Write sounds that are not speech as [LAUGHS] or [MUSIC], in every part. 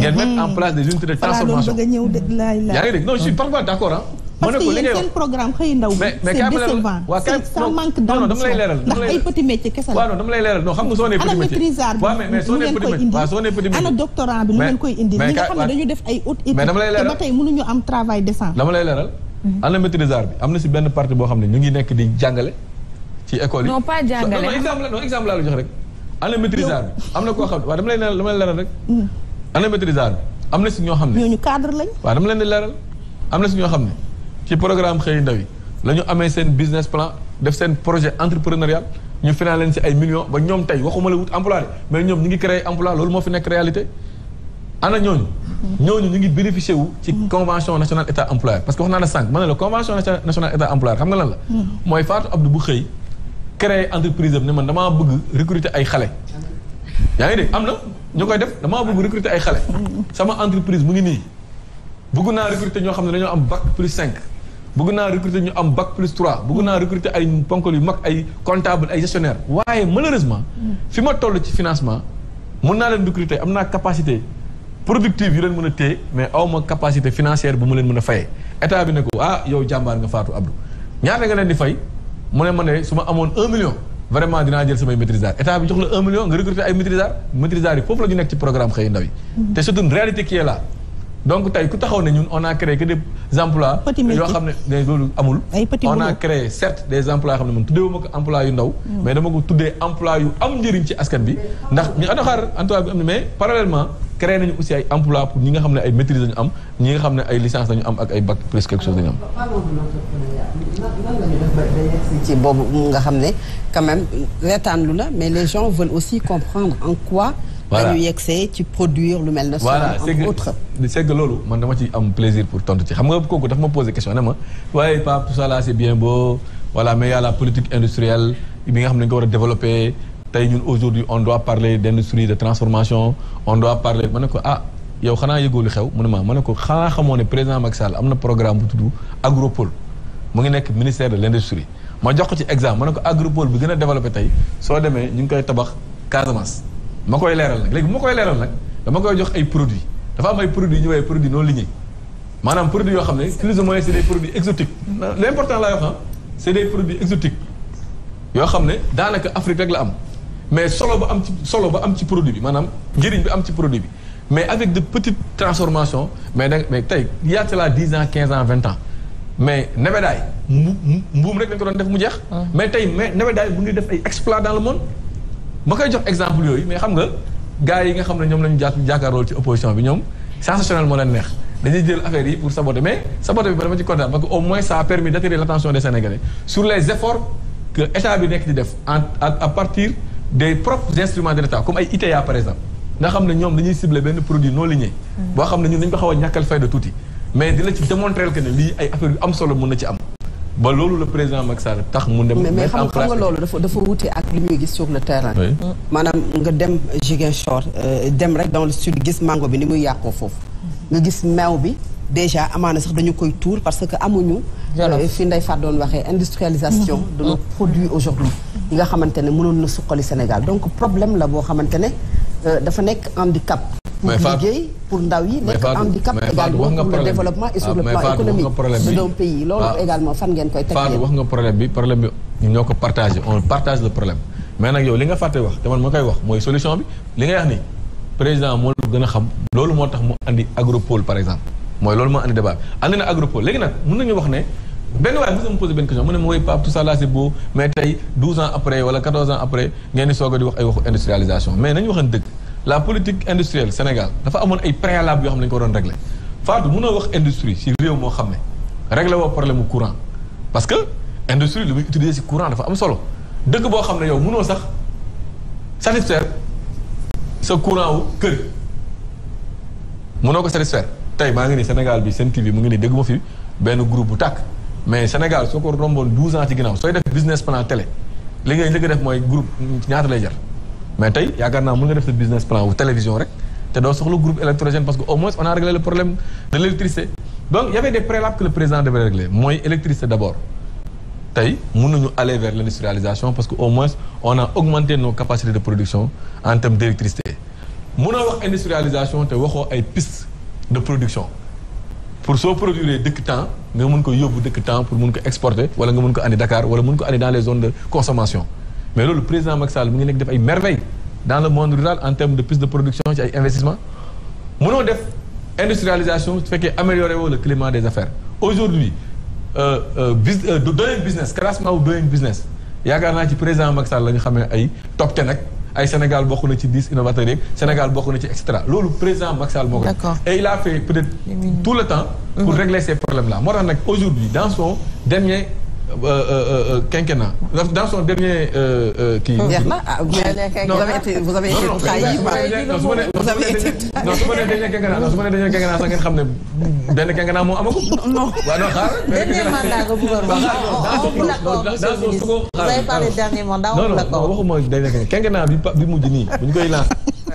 ngeen mettre en place des unités transformation. voilà loolu parce que yéen seen programme xëy ndaw bi c' est décevant ça manque d' ambition leeral ndax ay petit métier kese la waaw dama lay leeral non xam nga soo nee petit métier ana maîtrisard bi lu ngeen koy indi waaw ana doctorant bi lu ngeen koy indi ñi nga xam ne dañu def ay haute étude te ba tey mënuñu am travail décent dama lay leeral mhm. ana maîtrisard bi am na si benn partie boo xam ne ñu ana maîtrisard bi am na si ñoo xam ne. ñooñu cadre lañ. waaw dama leen di leeral am na si ñoo xam ne ci programme xëy ndaw yi la amee seen business plan def seen projet entrepreneurial ñu financé leen si ay millions ba ñoom tey waxuma la wut emploi mais ñoom ñu ngi créé emploi loolu moo fi nekk réalité. ana ñooñu. ñooñu ñu ngi bénéficié wu. ci convention nationale état employeur parce que wax naa la sànq ma ne la convention nationale état employeur xam nga lan la. Mm-hmm. mooy Fatou Abdou bu xëy créé entreprise am ne man damaa bëgg recruter ay xale. ñu koy def damaa bëgg recruter ay xale. sama entreprise mu ngi nii. bëgg naa recruter ñoo xam ne dañoo am bac plus 5. bëgg naa recruter ñu am bac plus 3. bëgg naa recruter ay ponkol yu mag ay comptable ay gestionnaire waaye malheureusement. Mm. fi ma toll ci financement. mun naa leen recruter am naa capacité productive yu leen mën a téye mais aw ma capacité financière bu mu leen mën a fayee. état bi ne ko ah yow jàmbaar nga Fatou Abdou ñaata nga leen di fay mu ne ma ne amoon 1 million. vraiment dinaa jël samay maîtrisards état bi jox la un million nga recruter ay maîtrisards maîtrisards yi foofu la nekk ci programme xëy ndaw yi. Mhm. te c'est réalité qui est là. donc tey ku taxaw ne ñun on a créé que des emplois yoo xam ne loolu amul on a créé certes des emplois yoo xam ne man tuddee ma ko emploi yu ndaw mhm. mais dama ko tuddee emploi yu am njëriñ ci askan bi mhm. ndax ñu ana xaar emploi bi am ne mais parallèlement créé nañu aussi ay emploi pour ñi nga xam ne ay maîtrise lañu am ñi nga xam ne ay licence lañu am ak ay bac plus quelque chose lañu am. ci boobu nga xam ne quand même lu la mais les gens veulent aussi comprendre en quoi. voilà dañu yegsee ci produire lu mel ne. voilà c'est autre c'est que loolu man dama ci am plaisir pour tontu ci xam nga kooku dafa ma posé question ne ma waaye Pape tout ça là c'est bien beau voilà mais y a la politique industrielle bi nga xam ne nga war a développer aujourd'hui on doit parler d'industrie de transformation on doit parler ma ah yow xana yëgoo xew mu ne ma ma président Macky Sall am programme bu tudd agropole mo ngi nek ministère de l'industrie ma jox ko ci exemple ma agropole bi gëna développer tay so démé ñu ngi koy tabax Casamance makoy léral nak légui léegi bu ma koy leeral nag dama koy jox ay produits dafa am ay produits ñëwé produits non lignés manam produits yo xamné plus ou moins c'est des produits exotiques l'important là, yoo hein, c'est des produits exotiques yo xamné dans Afrique rek la am mais solo ba am ci solo ba am ci produit bi manam njëriñ bi am ci produit bi mais avec de petites transformations mais mais tay y a cela dix ans 15 ans 20 ans mais nebedaay mboum rek dañ ko doon def mu jeex. Ah. mais tay mais nebedaay bu ngi def ay exploits dans le monde. ma koy jox exemple yooyu mais xam nga gars yi nga xam ne ñoom lañu ñu ci opposition bi ñoom sensationnel moo leen neex. dañuy jël affaire yi pour saboter mais saboter bi ba dama ci kontaan parce que au moins ça a permis d'attirer l'attention des Sénégalais sur les efforts que état bi nekk di def à partir des propres instruments de l'État comme ay ITA par exemple nga xam ne ñoom dañuy cibler benn produit non ligné boo xam ne ñun dañu ko xaw a ñàkkal fayda tuuti mais di la ci démontrer que ne li ay affaire yu am solo mën ci am ba loolu le président Macky Sall tax mu dem. mais mais xam nga loolu dafa dafa wute ak li muy gis sur le terrain. maanaam nga dem Ziguinchor euh, dem rek dans le sud gis mango bi ni muy yàqoo foofu. nga gis meew bi déjà amaana sax dañu koy tuur parce que amuñu. Euh, fi nday fat doon waxee industrialisation. Mm-hmm. de nos produits aujourd'hui yi nga xamante ne mënoon na suqali Sénégal donc problème la boo xamante ne euh, dafa nekk handicap. pour liggéey pour ndaw yi nekk handicap également pour le développement et sur ah, le plan économique de nos pays ah, loolu également fan ngeen koy teg Fadou wax nga problème bi problème bi ñoo ko partagé on partage le problème mais nag yow li nga fàtte wax te man ma koy wax mooy solution bi li nga wax ni président moo la gën a xam loolu moo tax mu indi andi agropole par exemple mooy loolu moo andi débat andi na agropole léegi nag mën nañu wax ne benn waaye mos na ma posé question mu ne ma woy Pape tout ça là c'est beau mais tey 12 ans après wala 14 ans après ngeen di a di wax ay waxu industrialisation mais nañu waxan dëgg la politique industrielle Sénégal dafa amoon ay préalable yoo xam ne dañu ko doon régler Fatou mënoo wax industrie si réew moo xam régler woo problème courant parce que industrie lu utiliser si courant dafa am solo dëkk boo xam ne yow mënoo sax satisfaire ce courant wu kër mënoo ko satisfaire tey maa ngi ni Sénégal bi seen TV mu ngi ni dégg ma fi benn groupe bu tàkk mais Sénégal soo ko a 12 ans ci ginnaaw sooy def business plan télé li ngay njëkk a def mooy groupe de lay jar mais tey yaakaar groupe, mën nga def business plan la télévision rek business doo un groupe électrogène parce qu'au moins on a réglé le problème de l'électricité. Donc, il y avait des préalables que le président devait régler Moi, électricité d'abord. abord nous mën aller vers l'industrialisation parce qu'au moins on a augmenté nos capacités de production en termes d'électricité. Nous avons wax industrialisation te une ay pistes de production pour se produire depuis temps mais mën ko beaucoup de temps pour mën exporter ou nga mën ko andi Dakar wala mën dans les zones de consommation mais le président Maxal, Sall mu fait une merveille dans le monde rural en termes de plus de production et d'investissement. Nous fait def industrialisation ce améliorer le climat des affaires aujourd'hui le euh, euh, euh business classement ou business y président Maxal qui est top 10. Le Sénégal bokk 10 innovateurs le Sénégal bokk na etc. et le président Macky Sall et il a fait peut-être tout le temps pour mhm. régler ces problèmes là Moi, aujourd'hui dans son dernier quinquennat. Dans son dernier. qui vous avez été trahi vous avez été non dernier quinquennat non dernier quinquennat non non dernier mandat non dernier quinquennat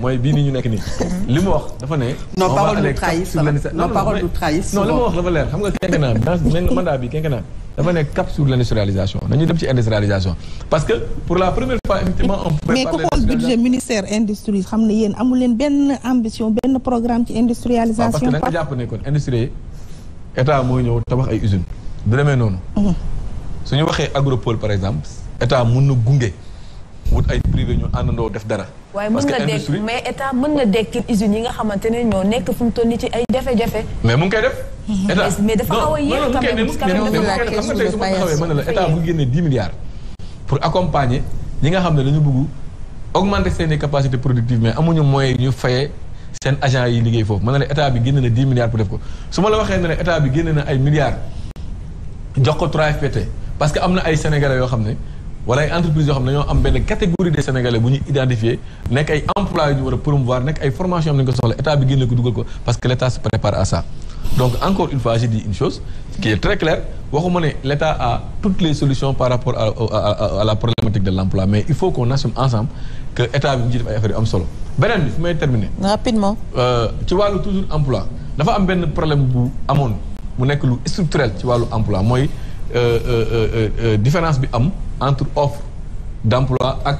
moy bi ni ñu nek ni limu wax dafa ne. non parole de trahison non parole du trahison. non li wax dafa leer xam nga quinquennat bi mandat bi quinquennat dafa nekk cap sur l'industrialisation industrialisation nañu dem ci industrialisation parce que pour la première fois effectivement on peut mais ku budget ministère industrie xam ne yéen amu leen ambition benn programme ci industrialisation. parce que da nga jàpp ne kon industrie état mooy ñëw tabax ay usine du demee nonu mhm. suñu waxé agropole par exemple état mënu gungé wut ay privé ñu àndandoo def dara. waaye mën na dekk mais état mën na dekkil usines yi nga xamante ne ñoo nekk fu mu toll nii ci ay jafe-jafe. mais mu ngi koy def. [LAUGHS] état mais dafa xaw a yéex mën na la état bu génnee dix milliards. pour accompagner ñi nga xam ne dañu bëgg augmenter seen capacité capacités productives mais amuñu moyen ñu fayee seen agent yi liggéey foofu mën na la état bi génne na dix milliards pour def ko su ma la waxee ne état bi génne na ay milliards jox ko 3FPT parce que am na ay sénégalais yoo xam ne voilà y entreprises xam catégorie des sénégalais qui ñu identifier nekk ay emplois pour voir, promouvoir formation formations am parce que l'État se prépare à ça. donc encore une fois j'ai dit une chose qui est très claire L'État a toutes les solutions par rapport à, la problématique de l'emploi. mais il faut qu'on assume ensemble que l'État va faire un seul. ay solo terminer. rapidement. Tu euh, vois toujours emploi y a un problème bu amon, mu Tu lu structurel ci y emploi une euh, euh, différence bi am. entre offre d'emploi ak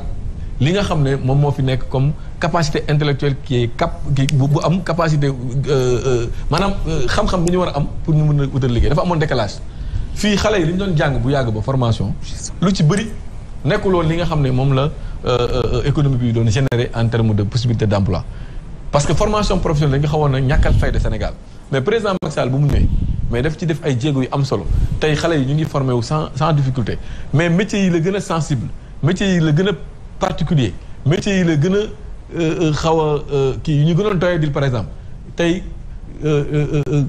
li nga xam ne moom moo fi nekk comme capacité intellectuelle qui kap cap bu am capacité euh, euh, maanaam euh, xam-xam bu ñu war a am pour mu mën a wutal liggéey dafa amoon décalage fii xale yi li ñu doon jàng bu yàgg ba formation lu ci bëri nekkuloon li nga xam ne moom la économie bi doon générer en terme de possibilité d'emploi parce que formation professionnelle dañ xawoon na ñàkkal fayda Sénégal mais président Macky Sall bu mu ñëwee mais daf ci def ay jéego yu am solo tey xale yi ñu ngi formé wu sans sans difficulté mais métiers yi la gën a sensible métiers yi la gën a particulier métiers yi la gën a euh, euh, xaw a euh, kii yu ñu gënoon doyee dil par exemple tey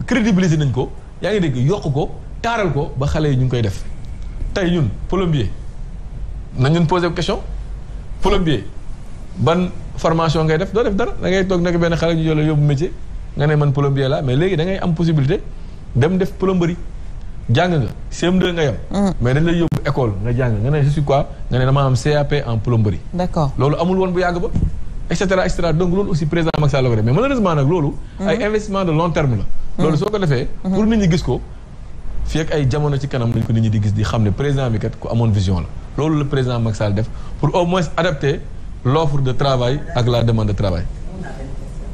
crédibiliser nañ ko yaa ngi dégg yokk ko taaral ko ba xale yi ñu ngi koy def tey ñun plombier nañ leen posé question plombier ban formation ngay def doo def dara da ngay toog nekk benn xale ñu jël yóbbu métier nga ne man plombier la mais léegi da ngay am possibilité dem def plomberie jàng nga CM2 nga yam mm. mais dañ lay yóbbu école nga jang nga ne je suis quoi nga ne damaa am CAP en plomberie. d'accord loolu amul won bu yag ba. et cetera et cetera donc loolu aussi président Macky Sall mais malheureusement nak loolu. Mm. ay investissement de long terme la. Mm. loolu soko ko mm-hmm. pour nit ñi gis ko. fi ak ay jamono ci kanam lañ ko nit ñi di gis di xamné président bi kat ko amone vision la loolu le président Macky Sall def pour au moins adapter l'offre de travail ak la demande de travail.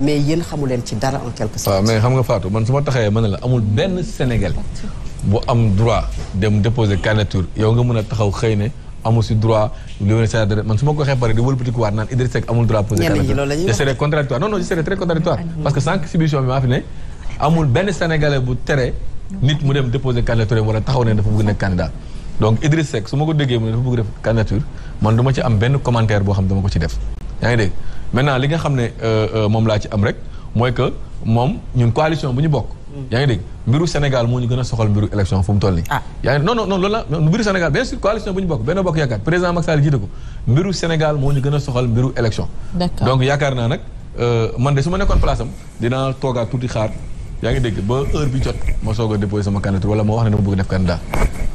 mais yéen xamu leen ci dara en quelque sorte. mais xam nga Fatou man su ma taxawee ma ne la amul benn Sénégal bu am droit dem déposer candidature yow nga mën a taxaw xëy ne amul si droit li wone sa man su ma ko waxee pare di wëlbatiku waat naan benn Sénégalais bu tere nit mu dem déposer candidature wala taxaw ne dafa bëgg nekk candidat donc Idriss Seck su mu ne dafa bëgg def man du ci am benn commentaire boo xam dama ko ci def yaa ngi dégg maintenant li nga xam ne euh, euh, moom laa ci am rek mooy que moom ñun coalition bu ñu bokk. Mm. yaa ngi dégg mbiru Sénégal moo ñu gën a soxal mbiru élection fu mu toll nii. Ah. yaa ngi non non non loolu la mbiru Sénégal bien moo ñu a soxal mbiru élection. d'accord donc yaakaar naa nag euh, man de su ma nekkoon place am dinaa toogaat tuuti xaar. yaa ngi dégg ba heure bi jot ma soog a déposé sama candidature wala moo wax ne dama bëgg def candidat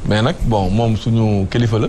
mais nag bon moom suñu kilifa la.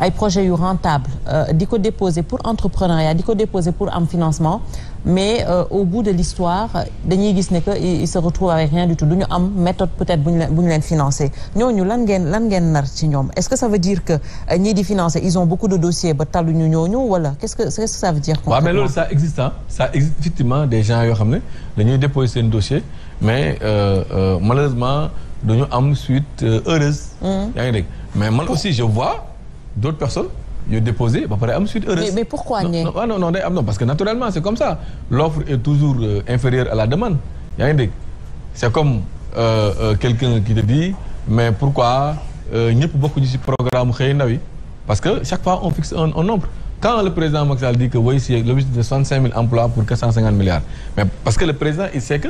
des projets rentables rentable euh, déposé pour entrepreneuriat déposé pour un financement mais euh, au bout de l'histoire dañuy ne que se retrouvent avec rien du tout du ñu une méthode peut-être pour financer est-ce que ça veut dire que euh, financer ils ont beaucoup de dossiers ba qu'est-ce que qu'est-ce que ça veut dire Bah mais ça existe hein. ça effectivement des gens ramené ramener. ne dañuy dossier mais malheureusement dañu une suite heureuse mmh. mais moi aussi je vois d'autres personnes ils ont déposé, bah, pareil, suite mais, mais, pourquoi ah, non, non, non, non, parce que naturellement, c'est comme ça. L'offre est toujours euh, inférieure à la demande. C'est comme euh, euh, quelqu'un qui te dit, mais pourquoi n'y a beaucoup de programme Parce que chaque fois, on fixe un, nombre. Quand le président Maxal dit que oui, c'est l'objectif de 65 000 emplois pour 450 milliards, mais parce que le président, il sait que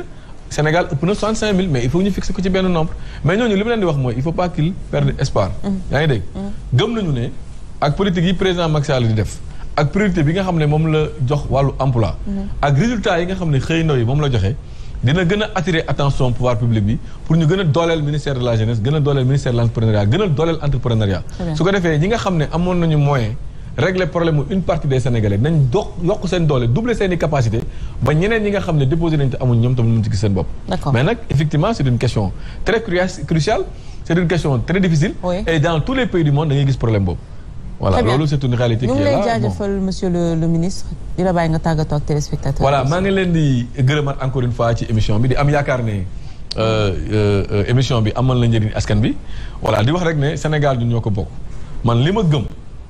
Sénégal ëpp na 65 000 mais il faut ñu fixer ko bien nombre mais ñooñu nous leen il faut pas qu'il perde espoir. Mm-hmm. yaa ngi dégg. Mm-hmm. gëm nañu politique du président Macky Sall di def ak priorité de nga xam ne la jox emploi. Mm-hmm. ak résultat yi nga xam ne xëy yi attention pouvoir public pour nous donner le ministère de la jeunesse le ministère de l'entrepreneuriat entrepreneuriat gën a dooleel entrepreneuriat. su ko defee ñi nga avons le moyen régler problème une partie des sénégalais nañ dox yokk seen doole doubler sen capacité ba ñeneen ñi nga xamné déposer déposé nañ te amuñ ñoom tam mun ci sen bop mais nak effectivement c'est une question très cruciale c'est une question très difficile oui. et dans tous les pays du monde da ngay gis problème bop voilà loolu c'est une réalité qui est là ñu ngi monsieur le le ministre il a bàyyi nga tàggatoo tok téléspectateurs voilà maa ngi leen di gëreumat encore une fois ci émission bi di am yaakaar ne euh, euh, émission bi amal na njëriñ askan bi voilà di wax rek né Sénégal ñun ñoko bok man lima gëm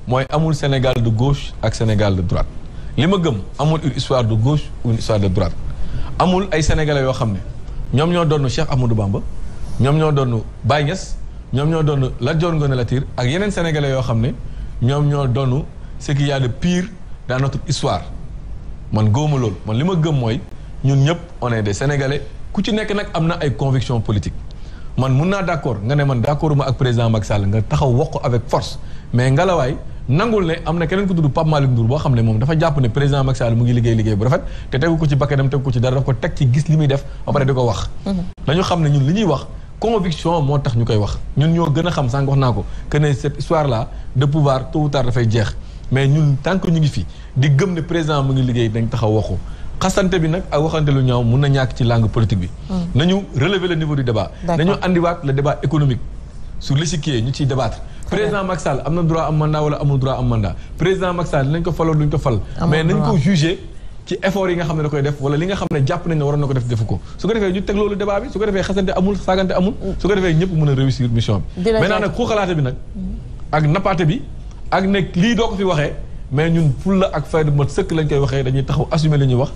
mooy amul Sénégal de gauche ak Sénégal de droite li ma gëm amul une histoire de gauche une histoire de droite amul ay sénégalais yoo xam ne ñoom ñoo doon Cheikh Amadou Bamba ñoom ñoo donnu Baye ñoom ñoo doon Lat Dior Ngoné Latyr ak yeneen sénégalais yoo xam ne ñoom ñoo donnu ce qu'il y a de pire dans notre histoire man góoma loolu man li ma gëm mooy ñun ñëpp on est des ku ci nekk nag am na ay convictions politique man mun naa d'accord nga ne man d'accorduma ak président Macky Sall nga taxaw wax ko avec force mais ngelawaay nangul ne am na keneen ku tudd Pape Malick Ndour boo xam ne moom dafa jàpp ne président Macky mu ngi liggéey liggéey bu rafet te tegu ko ci bakkanam tegu ko ci dara daf ko teg ci gis li muy def ba pare di ko wax dañu mhm. xam ne ñun li ñuy wax conviction moo tax ñu koy wax ñun ñoo gën a xam sànq wax naa ko que ne cette histoire là de pouvoir tôt ou dafay jeex mais ñun tant que ñu ngi fi di gëm ne président mu ngi liggéey dañ taxaw waxu xasante bi nag ak lu ñaaw mun na ñàkk ci langue politique bi mhm. nañu relever le niveau du débat nañu andiwaat le débat économique sur l'échiquier ñu ciy débattre président Macky Sall am na droit am mandat wala amul droit am mandat président Macky nañ ko faloon duñ ko fal. mais nañ ko jugé ci effort yi nga xam ne da koy def wala li nga xam ne jàpp nañ ne waroon na ko def defu ko su ko defee ñu teg loolu a réussir lii doo ko fi waxee mais ñun fulla ak fayda mat sëkk lañ koy waxee dañuy taxaw assumer li ñuy wax.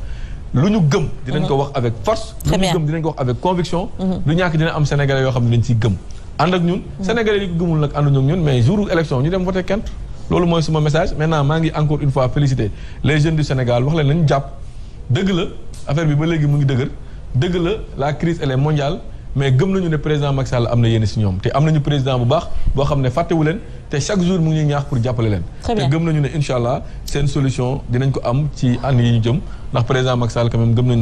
lu ñu gëm dinañ ko mhm. wax avec force. lu ñu gëm dinañ ko wax avec conviction. Mhm. du ñàkk dina am sénégalais yoo xam ne dañ ciy gëm andak ñun mm. sénégalais yi gëmul nak andu ak ñun mais jour élection ñu dem voter kent lolu moy suma message maintenant ma ngi encore une fois féliciter les jeunes du Sénégal wax leen nañu jàpp dëgg la affaire bi ba légui mu ngi dëgër deug la la crise elle est mondiale mais gëm nañu né président Macky Sall am na yéene si ñoom te am nañu président bu baax bo xamné faté wu leen té chaque jour mu ngi ñaax pour jappalé leen té gëm nañu né inshallah allah seen solution dinañ ko am ci année yi ñu jëm ndax président Macky Sall quand même gëm